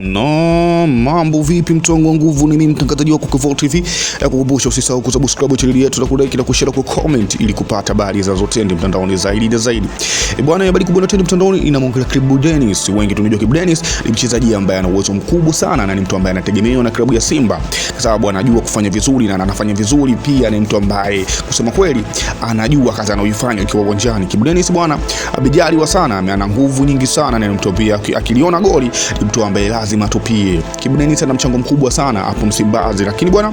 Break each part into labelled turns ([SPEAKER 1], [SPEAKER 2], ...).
[SPEAKER 1] No Mambo vipi, mtongo wa nguvu? Ni mimi mtangazaji wako Kevoo TV. Nakukumbusha eh, usisahau kusubscribe channel yetu na kulike na kushare kwa comment ili kupata habari za zote mtandaoni zaidi na zaidi. E bwana, habari kubwa tena mtandaoni inamwongelea Kibu Dennis. Wengi tunajua Kibu Dennis ni mchezaji ambaye ana uwezo mkubwa sana na ni mtu ambaye anategemewa na klabu ya Simba kwa sababu anajua kufanya vizuri na anafanya vizuri pia. Ni mtu ambaye kusema kweli anajua kazi anayoifanya akiwa uwanjani. Kibu Dennis bwana, abijaliwa sana, ana nguvu nyingi sana na ni mtu pia akiliona goli ni mtu ambaye lazima atupie. Kibu Denis ana mchango mkubwa sana hapo Msimbazi, lakini bwana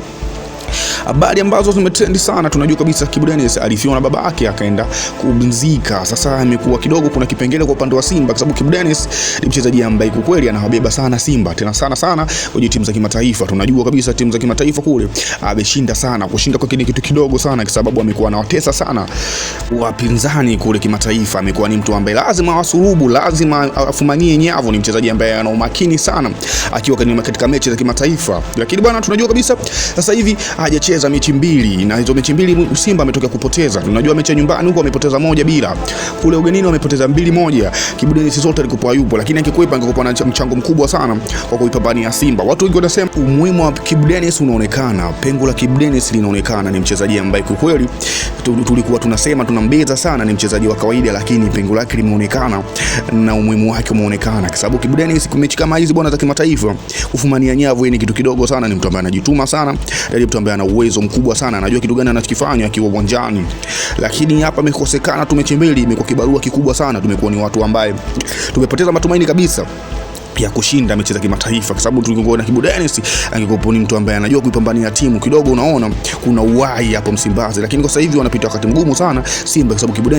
[SPEAKER 1] habari ambazo zimetrendi sana. Tunajua kabisa Kibu Denis alifiwa na baba yake akaenda kumzika. Sasa amekuwa kidogo kuna kipengele kwa upande wa Simba kwa sababu Kibu Denis ni mchezaji ambaye kwa kweli anawabeba sana Simba tena sana sana kwenye timu za kimataifa. Tunajua kabisa timu za kimataifa kule ameshinda sana, kushinda kwa kitu kidogo sana, kwa sababu amekuwa anawatesa sana wapinzani kule kimataifa. Amekuwa ni mtu ambaye lazima awasurubu, lazima afumanie nyavu. Ni mchezaji ambaye ana umakini sana akiwa katika mechi za kimataifa, lakini bwana, tunajua kabisa sasa hivi hajacheza kupoteza mechi mbili, na hizo mechi mbili Simba ametokea kupoteza. Tunajua mechi nyumbani huko amepoteza moja bila, kule ugenini wamepoteza mbili moja. Kibu Denis Sote alikuwa yupo, lakini akikwepa angekuwa na mchango mkubwa sana kwa kuipambania Simba. Watu wengi wanasema umuhimu wa Kibu Denis unaonekana, pengo la Kibu Denis linaonekana. Ni mchezaji ambaye kwa kweli tulikuwa tunasema tunambeza sana, ni mchezaji wa kawaida, lakini pengo lake limeonekana na umuhimu wake umeonekana, kwa sababu Kibu Denis mechi kama hizi bwana za kimataifa kufumania nyavu ni kitu kidogo sana. Ni mtu ambaye anajituma sana, ni mtu ambaye ana uwezo uwezo mkubwa sana, anajua kitu gani anachokifanya akiwa uwanjani, lakini hapa imekosekana tumechembeli imekuwa kibarua kikubwa sana, tumekuwa ni watu ambaye tumepoteza matumaini kabisa ya kushinda mechi za kimataifa, kwa sababu tulivyoona Kibu Denis angekuwa ni mtu ambaye anajua kuipambania timu kidogo, unaona kuna uhai hapo Msimbazi, lakini kwa sasa hivi wanapita wakati mgumu sana Simba, kwa sababu Kibu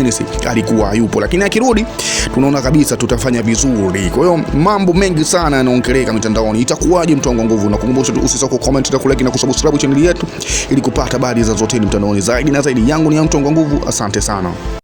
[SPEAKER 1] alikuwa hayupo, lakini akirudi tunaona kabisa tutafanya vizuri. Kwa hiyo mambo mengi sana yanaongeleka mitandaoni, itakuwaje mtu wangu nguvu? Nakukumbusha tu usisahau ku comment na ku like na kusubscribe channel yetu ili kupata habari za zote mtandaoni zaidi na zaidi. Yangu ni ya mtu wangu nguvu, asante sana.